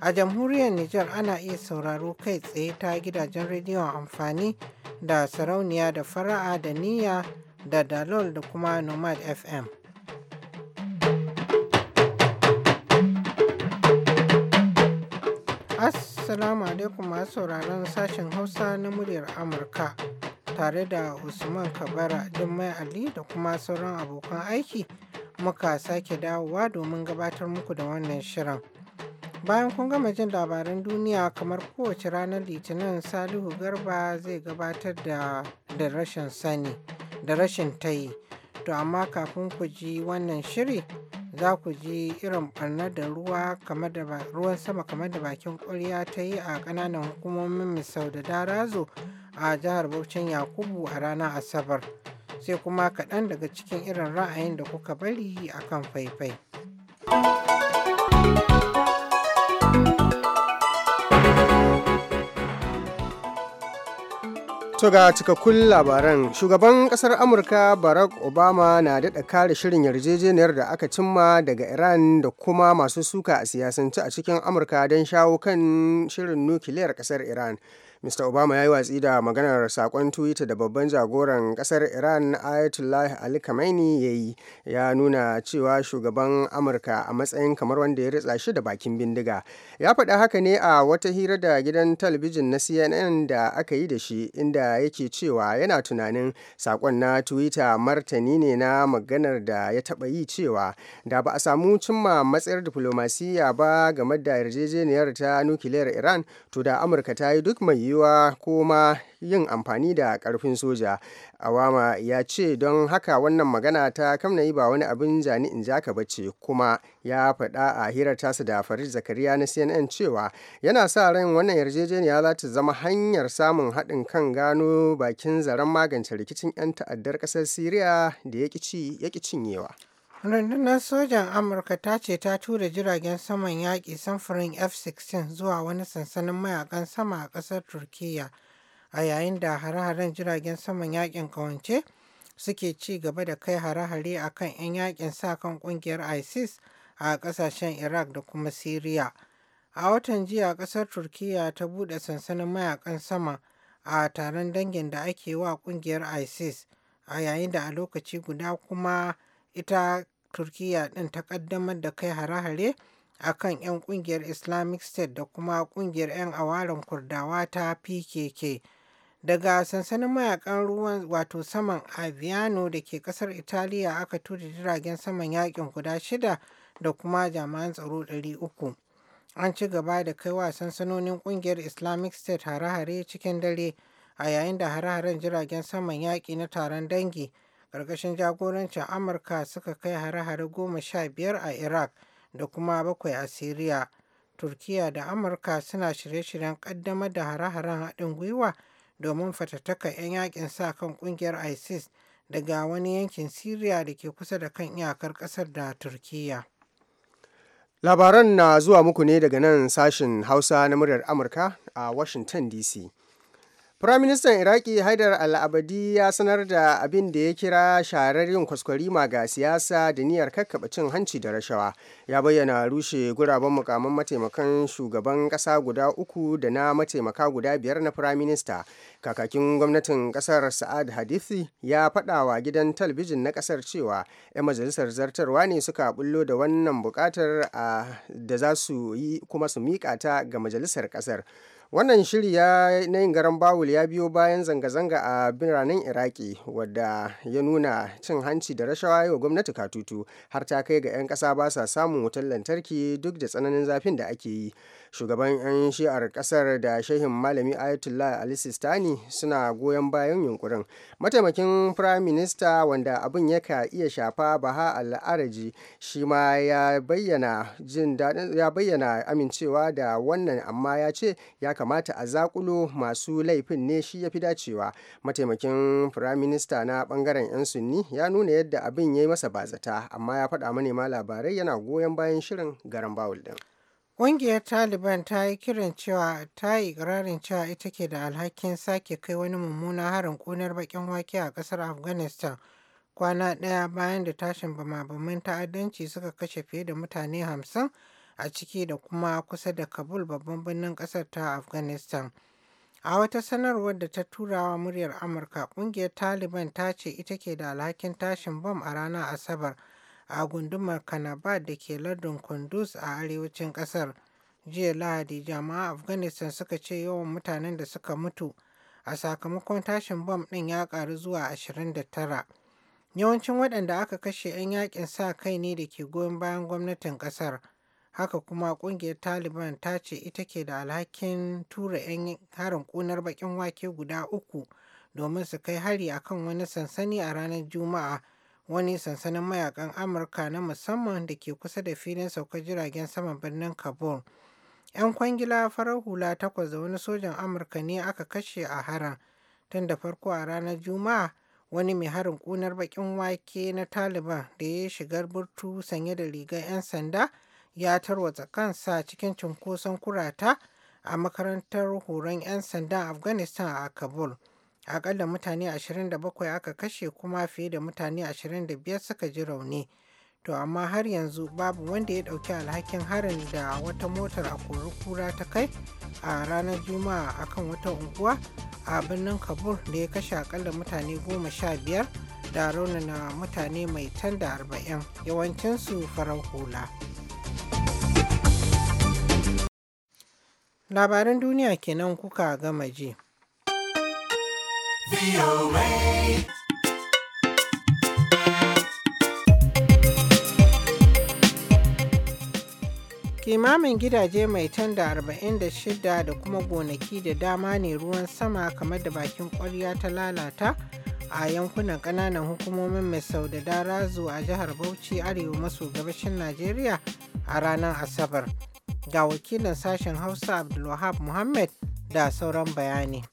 A jamhuriyar Nijar ana iya sauraro kai tsaye ta gidajen rediyon amfani da sarauniya da fara'a da niyya da dalol da kuma nomad FM. Assalamu alaikum masu sauraron sashen Hausa na muryar Amurka tare da Usman Kabara Jummai Ali da kuma sauran abokan aiki muka sake dawowa domin gabatar muku da wannan shirin. Bayan kun gama jin labaran duniya kamar kowace ranar Litinin Salihu Garba zai gabatar da da rashin sani da rashin tayi. To amma kafin ku ji wannan shiri za ku ji irin barnar da ruwa kamar da ruwan sama kamar da bakin ƙwarya ta yi a ƙananan hukumomin Misau da Darazo a jihar Bauchin Yakubu a ranar Asabar. Sai kuma kaɗan daga cikin irin ra'ayin da kuka bari a kan faifai. To ga cikakkun labaran shugaban kasar Amurka Barack Obama na daɗa kare shirin yarjejeniyar da aka cimma daga Iran da kuma masu suka a siyasance a cikin Amurka don shawo kan shirin nukiliyar kasar Iran. mr obama ya yi watsi da maganar sakon twitter da babban jagoran ƙasar iran ayatollah ali khamenei ya yi ya nuna cewa shugaban amurka a matsayin kamar wanda ya ritsa shi da bakin bindiga ya faɗa haka ne a wata hira da gidan talabijin na cnn da aka yi da shi inda yake cewa yana tunanin sakon na twitter martani ne na maganar da ya taɓa yi cewa da ba a samu cimma matsayar diflomasiyya ba game da yarjejeniyar ta nukiliyar iran to da amurka ta yi duk mai yiwuwa ko yin amfani da karfin soja awama ya ce don haka wannan magana ta kamna yi ba wani abin jani in jaka ba ce kuma ya faɗa a hirar tasa da farid zakariya na cnn cewa yana sa ran wannan yarjejeniya za ta zama hanyar samun haɗin kan gano bakin zaren magance rikicin 'yan ta'addar ƙasar syria da ya ƙi cinyewa Rundunar Sojan Amurka ta ce ta tura jiragen saman yaƙi samfurin F-16 zuwa wani sansanin mayakan sama a ƙasar Turkiyya, a yayin da hare-haren jiragen saman yaƙin ƙawance suke ci gaba da kai hare-hare a kan 'yan yaƙin sa kan ƙungiyar ISIS a ƙasashen Iraq da kuma Syria, A watan jiya ƙasar Turkiyya ta buɗe sansanin mayakan sama a taron dangin da ake wa ƙungiyar ISIS, a yayin da a lokaci guda kuma ita turkiya ɗin ta ƙaddamar da kai hare-hare a kan 'yan ƙungiyar islamic state da kuma ƙungiyar 'yan awaren kurdawa ta pkk daga sansanin mayakan ruwan wato saman aviano da ke kasar italiya aka tura jiragen saman yakin guda shida da kuma jami'an tsaro 300 an ci gaba da wa sansanonin kungiyar islamic state hare-hare cikin dare a yayin da hare-haren jiragen saman yaƙi na taron dangi ƙarƙashin jagorancin Amurka suka kai hare-hare goma sha biyar a Iraq da kuma bakwai a Syria, Turkiya da Amurka suna shirye-shiryen ƙaddamar da hare-haren haɗin gwiwa domin fatattaka 'yan yakin sa kan ƙungiyar ISIS daga wani yankin Syria da ke kusa da kan iyakar ƙasar da Turkiya. Labaran na zuwa muku ne daga nan sashen Hausa na muryar Amurka a Washington DC. Firaministan Iraki Haidar Al-Abadi ya sanar da abin da ya kira shahararren yin kwaskwarima ga siyasa da niyyar kakkaba cin hanci da rashawa. Ya bayyana rushe guraben mukaman mataimakan shugaban ƙasa guda uku da na mataimaka guda biyar na firaminista. Kakakin gwamnatin ƙasar Sa'ad Hadithi ya faɗa wa gidan talabijin na ƙasar cewa 'yan majalisar zartarwa ne suka bullo da wannan buƙatar da za su yi kuma su miƙa ta ga majalisar ƙasar. wannan shiri ya na yin garan bawul ya biyo bayan zanga-zanga a biranen iraki wadda ya nuna cin hanci da rashawa yau gwamnati katutu har ta kai ga 'yan kasa ba sa samun wutar lantarki duk da tsananin zafin da ake yi shugaban 'yan shi'ar kasar da shehin malami ayatollah ali sistani suna goyon bayan yunkurin mataimakin prime minister wanda abin ya ka iya shafa baha al'araji shi ma ya bayyana amincewa da wannan amma ya ce ya kamata a zakulo masu laifin ne shi ya fi dacewa mataimakin firaminista na bangaren 'yan sunni ya nuna yadda abin ya yi masa bazata amma ya faɗa manema labarai yana goyon bayan shirin garan bawul din Ƙungiyar Taliban ta yi kiran cewa ta yi ikirarin cewa ita ke da alhakin sake kai wani mummuna harin ƙunar bakin wake a ƙasar Afghanistan kwana ɗaya bayan da tashin bama ta'addanci suka kashe fiye da mutane hamsin a ciki da kuma kusa da Kabul babban birnin kasar ta Afghanistan. A wata sanarwar da ta turawa muryar Amurka, ƙungiyar Taliban ta ce ita ke da alhakin tashin bom a ranar Asabar a gundumar Kanabad da ke lardin Kunduz a arewacin Kasar. Jiya Lahadi jama'a Afghanistan suka ce yawan mutanen da suka mutu a sakamakon tashin bom ɗin ya ƙaru zuwa 29. Yawancin waɗanda aka kashe 'yan yakin sa kai ne da ke goyon bayan gwamnatin ƙasar. Haka kuma ƙungiyar Taliban ta ce ita ke da alhakin tura 'yan harin kunar bakin wake guda uku domin su kai hari akan wani sansani a ranar Juma'a, wani sansanin mayakan Amurka na musamman da ke kusa da filin saukar jiragen saman birnin Kabul. 'Yan kwangila farar hula takwas da wani sojan Amurka ne aka kashe a harin. Tun da farko a ranar Juma'a, wani mai harin kunar bakin wake na Taliban da ya shigar burtu sanye da rigar 'yan sanda ya tarwatsa kansa cikin cunkoson kurata a makarantar horon 'yan sandan afghanistan a kabul akalla mutane 27 aka kashe kuma fiye da mutane 25 suka ji rauni to amma har yanzu babu wanda ya dauki alhakin harin da wata motar a kori kura ta kai a ranar juma'a akan wata unguwa a birnin kabul da ya kashe akalla mutane 15 da raunana mutane mai tanda da 40 yawancinsu farar hula. Labaran duniya kenan kuka gama ji. Kimamin gidaje mai da 46 da kuma gonaki da dama ne ruwan sama kamar da bakin kwarya ta lalata a yankunan kananan hukumomin mai sau da Darazu a jihar Bauchi arewa maso gabashin Najeriya a ranar Asabar. ga wakilin sashen hausa abdulwahab muhammad da sauran bayani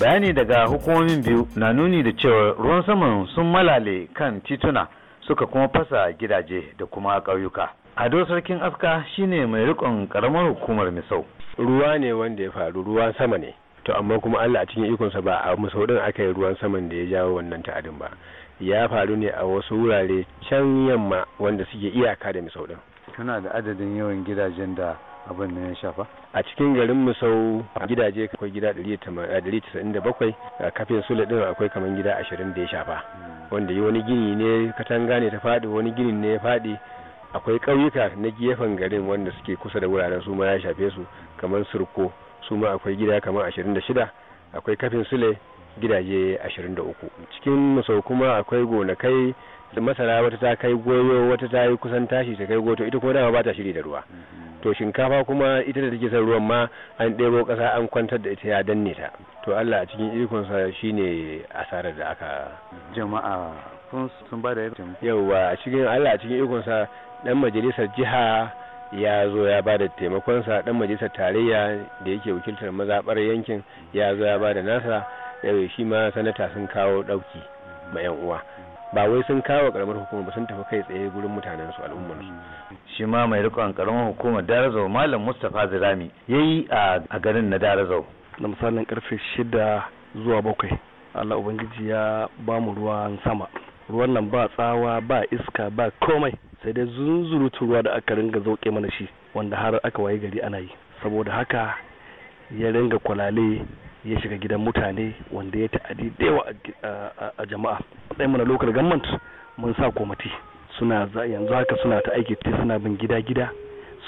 bayani daga hukumomin biyu na nuni da cewa ruwan saman sun malale kan tituna suka kuma fasa gidaje da kuma ƙauyuka ado sarkin aska shine mai rikon karamar hukumar misau ruwa ne wanda ya faru ruwan sama ne to amma kuma allah a cikin ikonsa ba a musau din aka yi ruwan saman da ya jawo wannan ta'adin ba ya faru ne a wasu wurare can yamma wanda suke iyaka da misau din kana da adadin yawan gidajen da abin da ya shafa a cikin garin musau gidaje akwai gida 197 kafin sule din akwai kamar gida 20 da ya shafa hmm. wanda yi wani gini ne katanga ne ta faɗi wani gini ne ya faɗi akwai ƙauyuka na gefen garin wanda suke kusa da wuraren su ma ya shafe su kamar surko su ma akwai gida kamar 26 akwai kafin sule gidaje 23 cikin musau kuma akwai gonakai masara wata ta kai goyo wata ta yi kusan tashi ta kai goto ita kuma dama ba ta shiri da ruwa mhm. to shinkafa kuma ita da take son ruwan ma an ɗebo ƙasa an kwantar da ita ya danne ta to Allah a cikin ikonsa shine asarar da aka jama'a kun sun ba da yawa a cikin Allah a cikin ikonsa dan majalisar jiha ya zo ya ba da taimakonsa dan majalisar tarayya da yake wakiltar mazabar yankin ya zo ya ba da nasa shi ma sanata sun kawo dauki ma 'yan uwa ba wai sun kawo karamar hukuma ba sun tafi kai tsaye gurin mutanen su al'ummar su shi ma mai rikon karamar hukumar darazau malam mustapha zirami yayi a garin na darazau da misalin karfe shida zuwa bakwai allah ubangiji ya ba mu ruwan sama ruwan nan ba tsawa ba iska ba komai sai dai zunzurutu ruwa da aka ringa zauke mana shi wanda har aka waye gari ana yi saboda haka ya ringa kwalale ya shiga gidan mutane wanda ya ta'adi da yawa a jama'a ɗaya mana local government mun sa kwamiti suna yanzu haka suna ta aiki suna bin gida-gida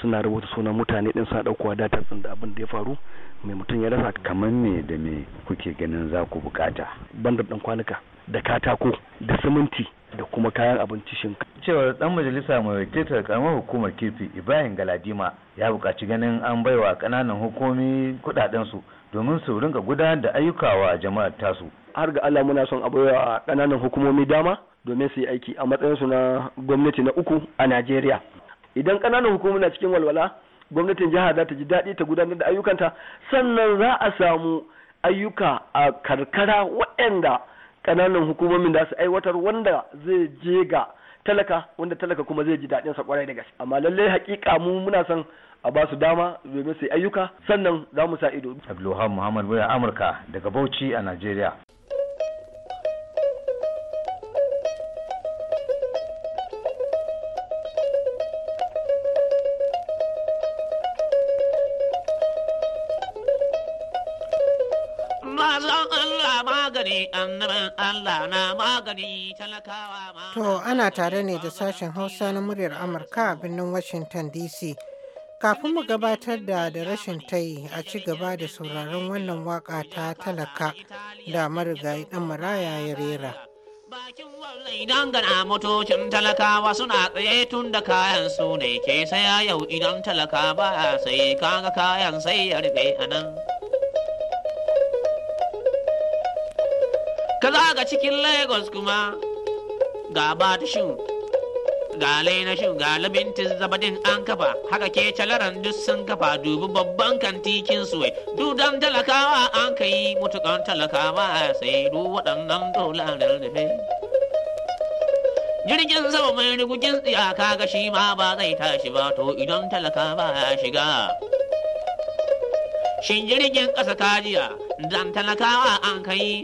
suna rubuta sunan mutane din suna ɗaukowa data sun da abin da ya faru mai mutum ya rasa kamar me da me kuke ganin za ku bukata bandar ɗan kwanuka da katako da siminti da kuma kayan abinci shinkafa. cewar dan majalisa mai wakiltar karamar hukumar kirfi ibrahim galadima ya buƙaci ganin an baiwa ƙananan hukumi kuɗaɗen su domin su rinka gudanar da ayyuka wa jama'ar tasu har ga allah muna son a baiwa ƙananan hukumomi dama domin su yi aiki a matsayinsu na gwamnati na uku a najeriya idan ƙananan hukumomi na cikin walwala gwamnatin jiha za ta ji daɗi ta gudanar da ayyukanta sannan za a samu ayyuka a karkara waɗanda ƙananan hukumomin da su aiwatar wanda zai je ga talaka wanda talaka kuma zai ji daɗin sa kwarai da gaske amma lallai hakika mu muna son a ba su dama domin su ayyuka sannan za mu sa ido abdulwahab Muhammad Boya Amurka daga Bauchi a Najeriya magani annaban Allah na magani talakawa ma. To ana tare ne da sashen Hausa na muryar Amurka a birnin Washington DC. Kafin mu gabatar da da rashin tayi a ci gaba da sauraron wannan waka ta talaka da marigayi dan maraya ya rera. Bakin wallai gana motocin talakawa suna tsaye tun da kayan su ne ke saya yau idan talaka ba sai kaga kayan sai ya rufe anan. ka ga cikin lagos kuma ga batishin ga shu. ga labinti zabadin an kafa haka ke calaran duk sun kafa dubi babban kantikin duk dudan talakawa an ka yi mutukan talakawa sai du waɗannan dolarar da jirgin sama mai rigugin tsiyaka ga shi ma ba zai tashi ba to idan talaka ya shiga shin jirgin ƙasa kajiya dan talakawa an kai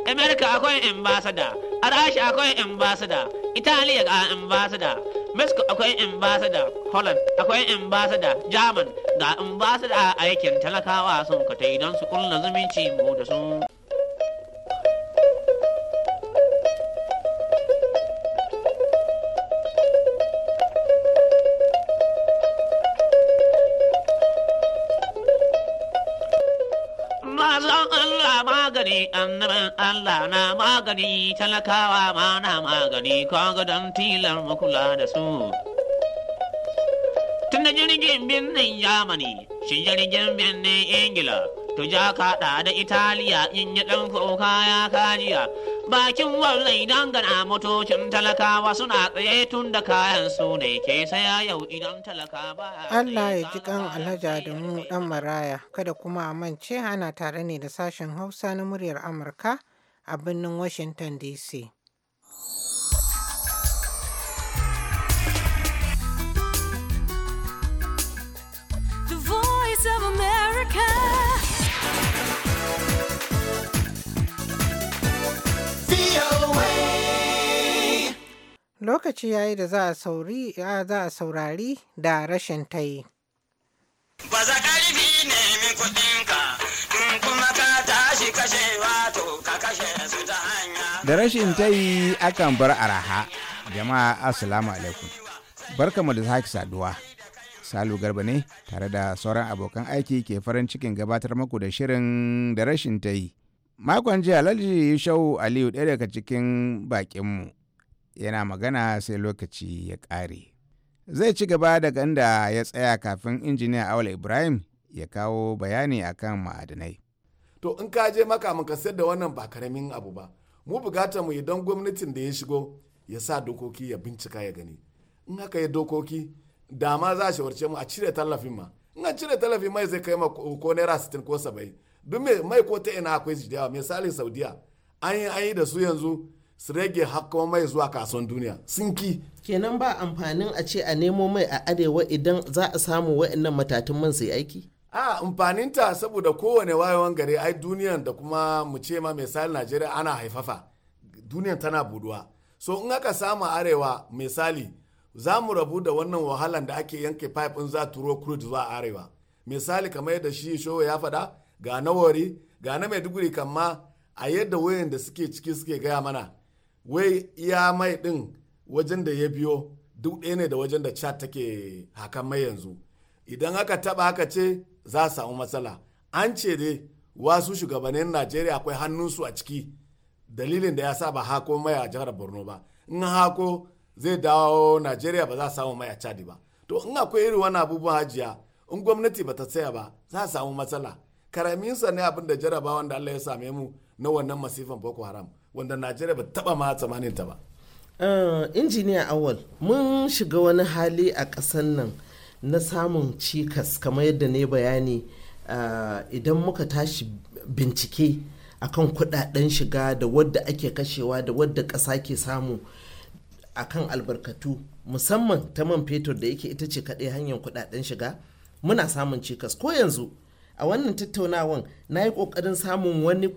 america akwai ambassador Arashi akwai ambassador italiya ga ambassador mexico akwai ambassador holland akwai ambassador german ga ambassador a aikin talakawa sun kata don su kulla zumunci mu da su Allah na magani talakawa ma na magani kaga don tilar makula da su. Tun da jirgin birnin Yamani, shi jirgin birnin Ingila, to ja kaɗa da Italiya in yi ɗan kuka ya kajiya. Bakin wallai gana motocin talakawa suna tsaye tun da kayan su ne ke saya yau idan talaka ba. Allah ya ji kan alhaja da mu ɗan maraya, kada kuma a mance ana tare ne da sashen Hausa na muryar Amurka. a birnin Washington DC. The Voice of America. Lokaci ya yi da za a saurari da rashin ta yi. Baza ƙarfi ne min kuɗinka Da rashin ta yi akan bar araha, jama'a assalamu alaikum. Barkamu da sake saduwa. Salu Garba ne tare da sauran abokan aiki ke farin cikin gabatar maku da shirin da rashin ta yi. Makon jiya yi Shau Aliyu ɗaya daga cikin bakinmu yana magana sai lokaci ya ƙare. Zai ci gaba daga inda ya tsaya kafin injiniya Awal Ibrahim ya kawo bayani akan ma'adanai. to in ka je maka mun ka sayar da wannan ba karamin abu ba mu bukata mu idan gwamnatin da ya shigo ya sa dokoki ya bincika ya gani in haka ya dokoki da ma za a shawarce mu a cire tallafin ma in an cire tallafin mai zai kai ma ko naira sittin ko saba'in duk mai ko ta ina akwai shi misali saudiya an yi an yi da su yanzu su rage hakkon mai zuwa kasuwan duniya sun ki kenan ba amfanin a ce a nemo mai a arewa idan za a samu wa'annan matatun man sai aiki a amfaninta saboda kowane wayewan gare ai duniyan da kuma mu ce ma misali najeriya ana haifafa duniyan tana buduwa so in aka samu arewa misali za mu rabu da wannan wahalan da ake yanke pipe in za turo crude zuwa arewa misali kamar yadda shi showa ya faɗa ga nawari ga na maiduguri kamma a yadda wayan da suke ciki suke gaya mana wai iya mai ɗin wajen da ya biyo duk ɗaya ne da wajen da chat take hakan mai yanzu idan aka taba aka ce za a samu matsala an ce dai wasu shugabannin najeriya akwai hannunsu a ciki dalilin da ya sa ba hako mai a jihar borno ba in hako zai dawo najeriya ba za a samu mai a chadi ba to in akwai irin wani abubuwan hajiya in gwamnati ba ta tsaya ba za a samu matsala sa ne abin da jaraba wanda allah ya same mu na wannan masifan boko haram wanda najeriya ba taba ma tsamanin ta ba eh, injiniya awal mun shiga wani hali a ƙasar nan na samun cikas kamar yadda ne bayani ah, idan muka tashi bincike akan kudaden shiga da wadda ake kashewa da wadda ƙasa ke samu akan albarkatu musamman ta man fetur da yake ita ce kaɗai hanyar kudaden shiga muna samun cikas ko yanzu a wannan tattaunawan na yi ƙoƙarin samun wani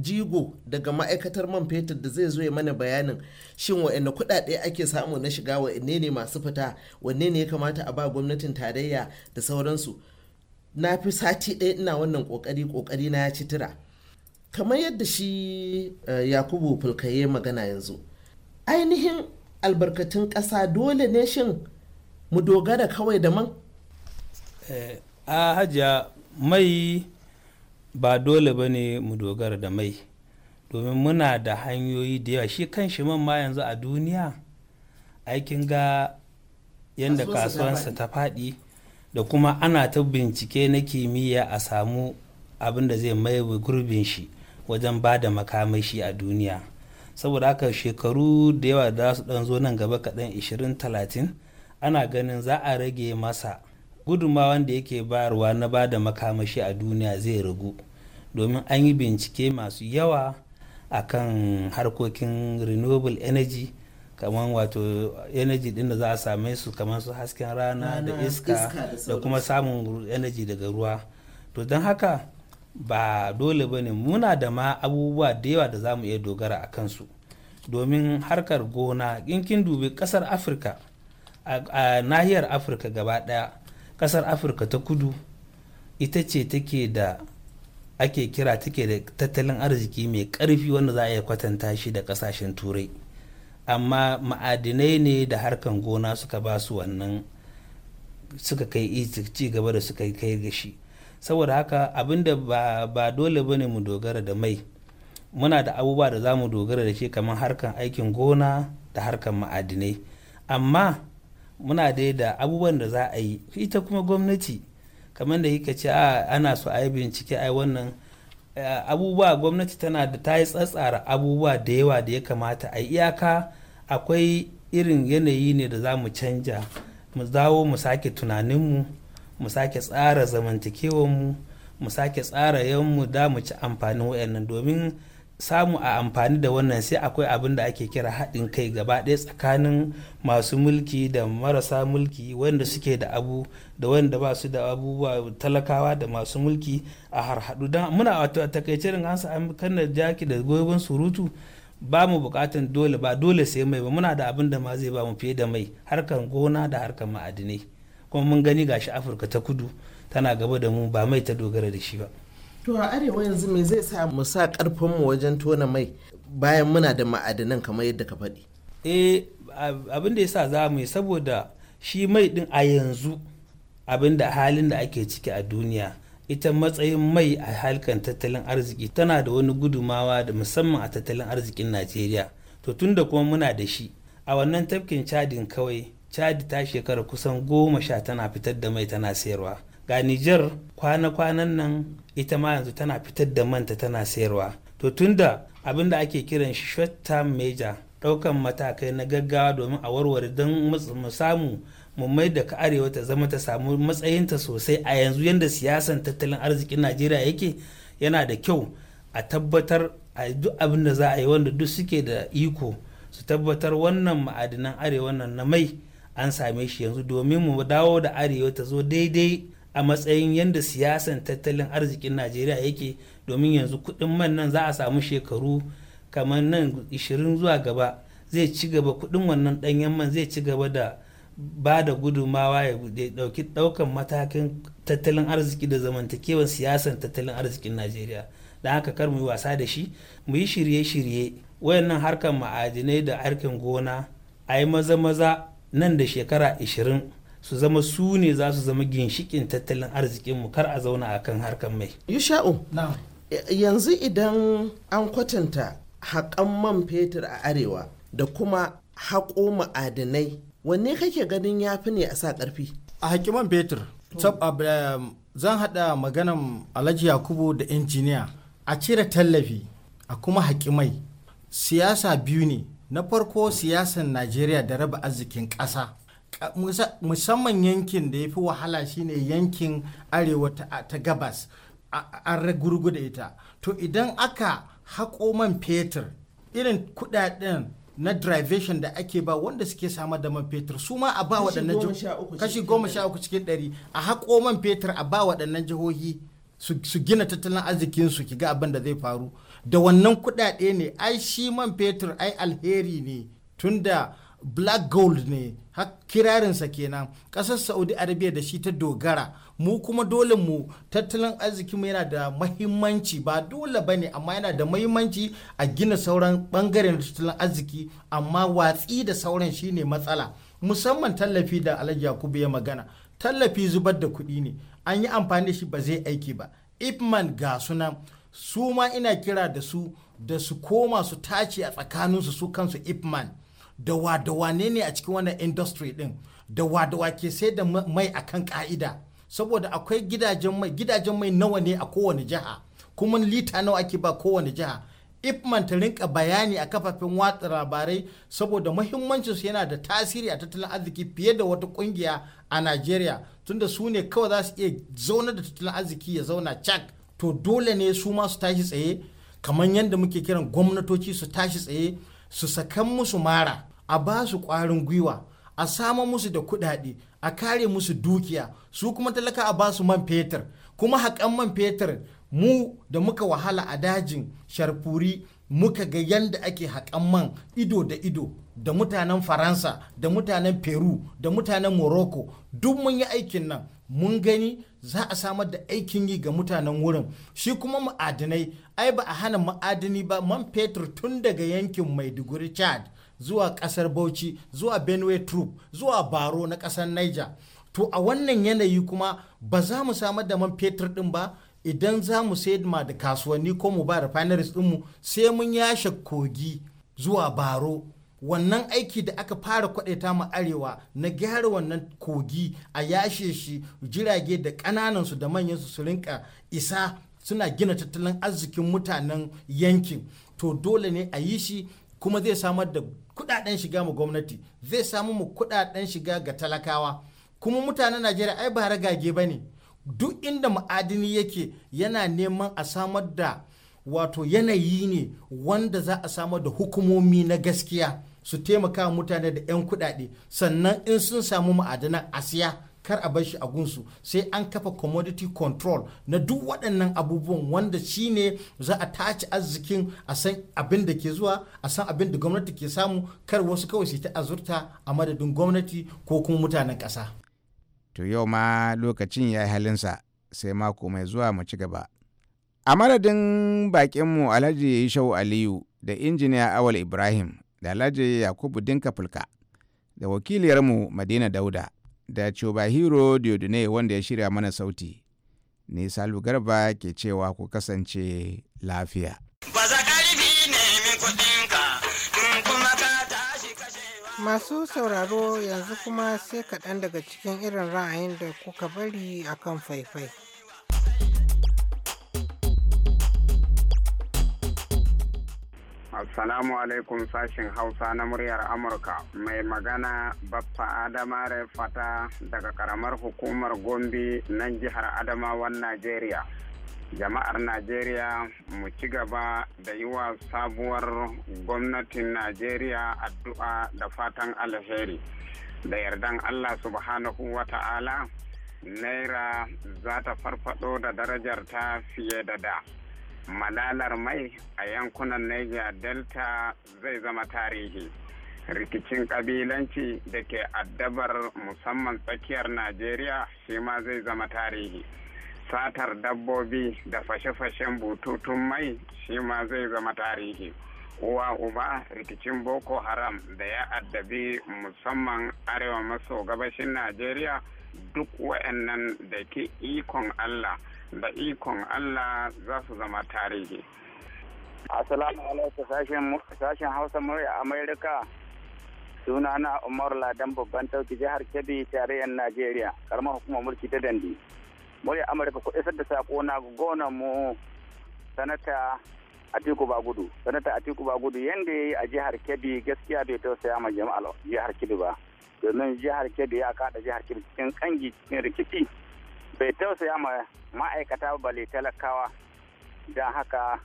jigo daga ma'aikatar man fetur da zai zo ya mana bayanin shin wa'anne kuɗaɗe ake samu na shiga wa'anne ne masu fita wanne ne ya kamata a ba gwamnatin tarayya da sauransu na fi sati ɗaya ina wannan ƙoƙari ƙoƙari na ya ci tira kamar yadda shi eh, yakubu fulkaye magana yanzu ainihin albarkatun ƙasa dole ne shin mu dogara kawai da man eh, a hajiya mai ba dole ba ne mu dogara da mai domin muna da hanyoyi da yawa shi kan shi man ma yanzu a duniya aikin ga yadda kasuwansa ta faɗi da kuma ana ta bincike na kimiyya a samu abin da zai mai gurbin shi wajen ba da makamashi a duniya saboda haka shekaru da yawa da su ɗan zo nan gaba kaɗan 20-30 ana ganin za a rage masa guduma wanda yake bayarwa na ba da makamashi a duniya zai ragu domin an yi bincike masu yawa a kan harkokin renewable energy kamar wato energy din da za a same su kamar su hasken rana da iska da kuma samun energy daga ruwa to don haka ba dole ba ne muna da ma abubuwa da yawa da za mu iya dogara a kansu domin harkar gona kinkin dubi ƙasar afirka a nahiyar afirka gaba daya kasar afirka ta kudu ita ce take da ake kira take da tattalin arziki mai karfi wanda za a iya kwatanta shi da kasashen turai amma ma'adinai ne da harkan gona suka ba su wannan suka kai ci gaba da suka kai ga shi saboda haka abinda ba, ba dole ba ne mu dogara da mai muna da abubuwa da za mu dogara da shi kamar harkan aikin gona da harkan ma'adinai amma muna dai da abubuwan da za a yi ita kuma gwamnati kamar da kika ce ana so a yi bincike a wannan abubuwa gwamnati tana da ta yi tsatsara abubuwa da yawa da ya kamata a iyaka akwai irin yanayi ne da za mu canja mu dawo mu sake tunaninmu mu sake tsara zamantakewanmu mu sake tsara mu da mu ci amfanin wayannan domin samu a amfani da wannan sai akwai abin da ake kira haɗin kai gaba ɗaya tsakanin masu mulki da marasa mulki wanda suke da abu da wanda ba su da abubuwa talakawa da masu mulki a harhaɗu don muna wato a takaice an sami kanna jaki da goyon surutu ba mu bukatan dole ba dole sai mai ba muna da abin da ma zai ba mu fiye da mai harkar gona da harkar ma'adinai kuma mun gani gashi afirka ta kudu tana gaba da mu ba mai ta dogara da shi ba to a arewa yanzu me zai sa mu sa karfinmu wajen tona mai bayan muna da ma'adinan kamar yadda ka faɗi eh abin da ya sa za mu yi saboda shi mai din a yanzu abin da halin da ake ciki a duniya ita matsayin mai a halkan tattalin arziki tana da wani gudumawa da musamman a tattalin arzikin najeriya to tun da kuma muna da shi a wannan tafkin cadin kawai cadi ta shekara kusan goma sha tana fitar da mai tana sayarwa ga Nijar kwana-kwanan nan ita ma yanzu tana fitar da manta tana sayarwa to tunda abin da ake kiran shi short term major ɗaukan matakai na gaggawa domin a warware don mu samu mu mai da ka arewa ta zama ta samu matsayinta sosai a yanzu yadda siyasan tattalin arzikin najeriya yake yana da kyau a tabbatar a duk abin da za a yi wanda duk suke da iko su tabbatar wannan ma'adinan arewa nan na mai an same shi yanzu domin mu dawo da arewa ta zo daidai a matsayin yadda siyasan tattalin arzikin najeriya yake domin yanzu kudin man nan za a samu shekaru kamar nan 20 zuwa gaba zai ci gaba kudin wannan danyen man zai ci gaba da ba da gudumawa ya dauki daukan matakin tattalin arziki da zamantakewar siyasan tattalin arzikin najeriya da haka kar mu yi wasa da shi mu yi shirye-shirye wayannan harkar ma'adinai da harkin gona a yi maza-maza nan da shekara 20 su zama su ne za su zama ginshikin tattalin arzikinmu kar a zauna a kan harkar mai. Yusha'u, e, yanzu idan an kwatanta haƙan man fetur a arewa da kuma haƙo ma'adinai wanne kake ganin ya fi ne a sa ƙarfi? A haƙi man fetur, zan haɗa maganan Alhaji Yakubu da injiniya a cire tallafi a kuma haƙi mai. Siyasa biyu ne, na farko siyasan Najeriya da raba arzikin ƙasa. musamman yankin da ya fi wahala shine yankin arewa ta gabas an ragurgu da ita to idan aka haƙo man fetur irin kudaden na drivation da ake ba wanda suke samar da man fetur su ma a ba waɗannan kashi goma sha uku cikin ɗari a haƙo man fetur a ba waɗannan jihohi su gina tattalin arzikinsu ki ga abin da zai faru da wannan kuɗaɗe ne ai shi man fetur ai alheri ne tunda black gold ne kirarinsa kenan ƙasar saudi arabia da shi ta dogara mu kuma dole mu tattalin arzikinmu yana da mahimmanci ba dole ba ne amma yana da mahimmanci a gina sauran ɓangaren tattalin arziki amma watsi da sauran shine matsala musamman tallafi da alhaji yakubu ya magana tallafi zubar da kuɗi ne an yi amfani da shi ba zai aiki ba ipman ga sunan su ma ina kira da su da su koma su tace a tsakaninsu su kansu ipman dawa dawa ne ne a cikin wannan industry din dawa dawa ke sai da mai akan ka'ida saboda akwai gidajen mai gidajen mai nawa ne a kowane jiha kuma lita nawa ake ba kowane jiha ifman ta rinka bayani a kafafen watsa labarai saboda muhimmancinsu yana da tasiri a tattalin arziki fiye da wata kungiya a nigeria tunda su ne kawai za su iya zauna da tattalin arziki ya zauna cak to dole ne su ma su tashi tsaye kamar yadda muke kiran gwamnatoci su tashi tsaye su sakan musu mara a ba su ƙwarin gwiwa a samo musu da kuɗaɗe a kare musu dukiya su kuma talaka a ba su man fetur kuma haƙan man fetur mu da muka wahala a dajin sharfuri muka ga yadda ake haƙan man ido da ido da mutanen faransa da mutanen peru da mutanen morocco duk mun yi aikin nan mun gani za a samar da aikin yi ga mutanen wurin shi kuma ma'adinai ai ba a hana ma'adini ba man fetur tun daga yankin maiduguri chad zuwa kasar bauchi zuwa benue troop zuwa baro na kasar niger to a wannan yanayi kuma ba za mu samar da man fetur din ba idan za mu ma da kasuwanni ko mu ba da refineries dinmu sai mun yashe kogi zuwa baro wannan aiki da aka fara kwadaita mu arewa na gyara wannan kogi a yashe shi jirage da kananan su da manyan su su rinka isa suna gina tattalin arzikin mutanen yankin to dole ne a yi shi kuma zai samar da kudaden shiga mu gwamnati zai samu mu kudaden shiga ga talakawa kuma mutanen najeriya ai ba ragage ba ne duk inda ma'adini yake yana neman a samar da wato yanayi ne wanda za a samar da hukumomi na gaskiya su taimaka mutane da 'yan kudade sannan in sun samu ma'adanan siya kar a bar shi a gunsu sai an kafa commodity control na duk waɗannan abubuwan wanda shine za a tace arzikin a san abin da ke zuwa a san abin da gwamnati ke samu kar wasu kawai su ta azurta a madadin gwamnati ko kuma mutanen ƙasa. to yau ma lokacin ya yi halinsa sai mako mai zuwa mu ci gaba a madadin bakinmu alhaji shau aliyu da injiniya awal ibrahim da Alhaji Yakubu Dinka Fulka da wakiliyarmu Madina Dauda da Chubahiro Diodune wanda ya shirya mana sauti. Ni Salu Garba ke cewa ku kasance lafiya. Masu sauraro yanzu kuma sai kaɗan daga cikin irin ra'ayin da kuka bari akan faifai. Assalamu alaikum sashen Hausa na muryar Amurka mai magana Baffa Adama Fata daga karamar hukumar Gombe nan jihar Adamawan Najeriya. Jama'ar Najeriya mu ci gaba da yi wa sabuwar gwamnatin Najeriya addu'a da fatan alheri. Da yardan Allah subhanahu wa ta'ala, Naira za ta farfado da darajarta fiye da da. malalar mai a yankunan niger delta zai zama tarihi rikicin ƙabilanci da ke addabar musamman tsakiyar najeriya shi ma zai zama tarihi satar dabbobi da fashe-fashen bututun mai shi ma zai zama tarihi uwa uba rikicin boko haram da ya addabi musamman arewa maso gabashin najeriya duk wa'annan da ke ikon allah da ikon Allah za su zama tarihi. Assalamu alaikum sashen Hausa murya Amerika. Sunana Umar Ladan babban tauki jihar Kebbi tarayyar Najeriya, karamar hukumar mulki ta Dandi. Murya Amurka ku isar da sako na gona mu sanata Atiku Bagudu. Sanata Atiku Bagudu yanda yayi a jihar Kebbi gaskiya bai tausaya ma jama'a jihar Kebbi ba. Domin jihar Kebbi ya kada jihar Kebbi cikin kangi cikin rikici. bai tausaya ma ma'aikata bale talakawa don haka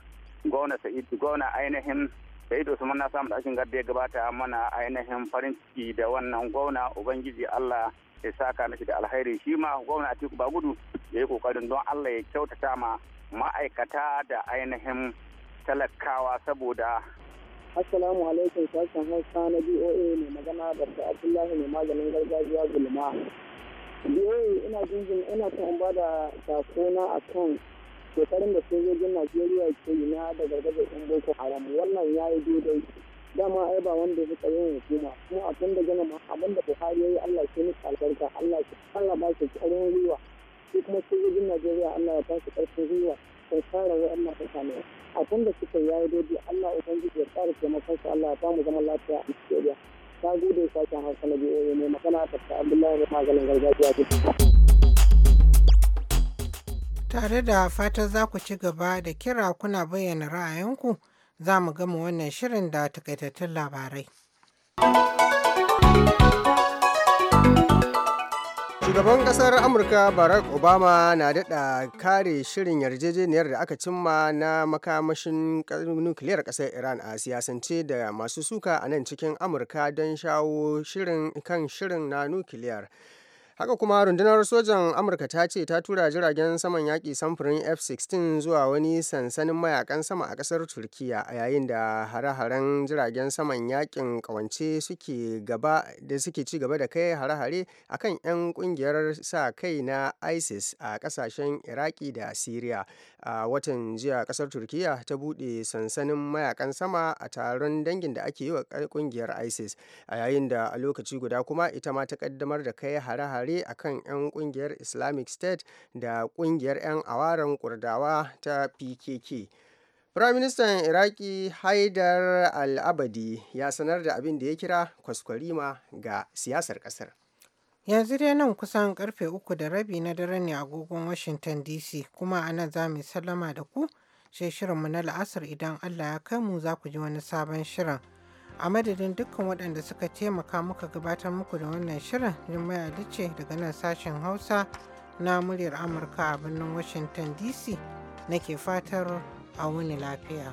gwamna gwamna ainihin sai da usman samu ɗakin garda ya gabata mana ainihin farin ciki da wannan gwamna ubangiji allah ya saka mishi da alheri shi ma gwamna atiku ba gudu ya yi kokarin don allah ya kyautata ma ma'aikata da ainihin talakawa saboda Assalamu alaikum sashen Hausa na BOA ne magana da Abdullahi mai maganin gargajiya gulma. Biyoyi ina jinjin ina son ba da sakona a kan shekarun da sojojin Najeriya ke yi na da gargajar ɗan Boko Haram wannan ya yi daidai dama ai ba wanda suka yi hukuma kuma abin da gana abin da Buhari ya yi Allah ke nufi albarka Allah ke Allah ba shi ƙarfin gwiwa shi kuma sojojin Najeriya Allah ya ba shi ƙarfin gwiwa sai fara wa'annan mutane abin da suka yi ya yi daidai Allah ubangiji ya ƙara taimakon su Allah ya ba mu zaman lafiya a Najeriya. ta gode sashen hausa na biyu ne magana ta abdullahi da maganin gargajiya duk tare da fatan za ku ci gaba da kira kuna bayyana ra'ayinku za mu gama wannan shirin da takaitattun labarai. Shugaban kasar Amurka Barack Obama na dada kare shirin yarjejeniyar da aka cimma na makamashin nukiliyar kasar Iran a siyasance da masu suka a nan cikin Amurka don shawo shirin kan shirin na nukiliyar. haka kuma rundunar sojan amurka ta ce ta tura jiragen saman yaƙi samfurin f-16 zuwa wani sansanin mayakan sama a ƙasar turkiya a yayin da hare-haren jiragen saman yaƙin ƙawance suke gaba da suke ci gaba da kai hare-hare a kan 'yan ƙungiyar sa kai na isis a ƙasashen iraki da syria a watan jiya ƙasar turkiya ta buɗe sansanin mayakan sama a taron dangin da ake yi wa ƙungiyar isis a yayin da a lokaci guda kuma ita ma ta ƙaddamar da kai hare-hare hare a kan 'yan kungiyar islamic state da kungiyar 'yan awaran kurdawa ta pkk Firaministan Iraki Haidar Al-Abadi ya sanar da abin da ya kira kwaskwarima ga siyasar kasar. Yanzu dai nan kusan karfe uku da rabi na dare ne a agogon Washington DC kuma ana za mu sallama da ku sai shirinmu na la'asar idan Allah ya kai mu za ku ji wani sabon shirin. a madadin dukkan waɗanda suka taimaka muka gabatar muku da wannan shirin da ce daga nan sashen hausa na muryar amurka a birnin washington dc nake fatar a wuni lafiya.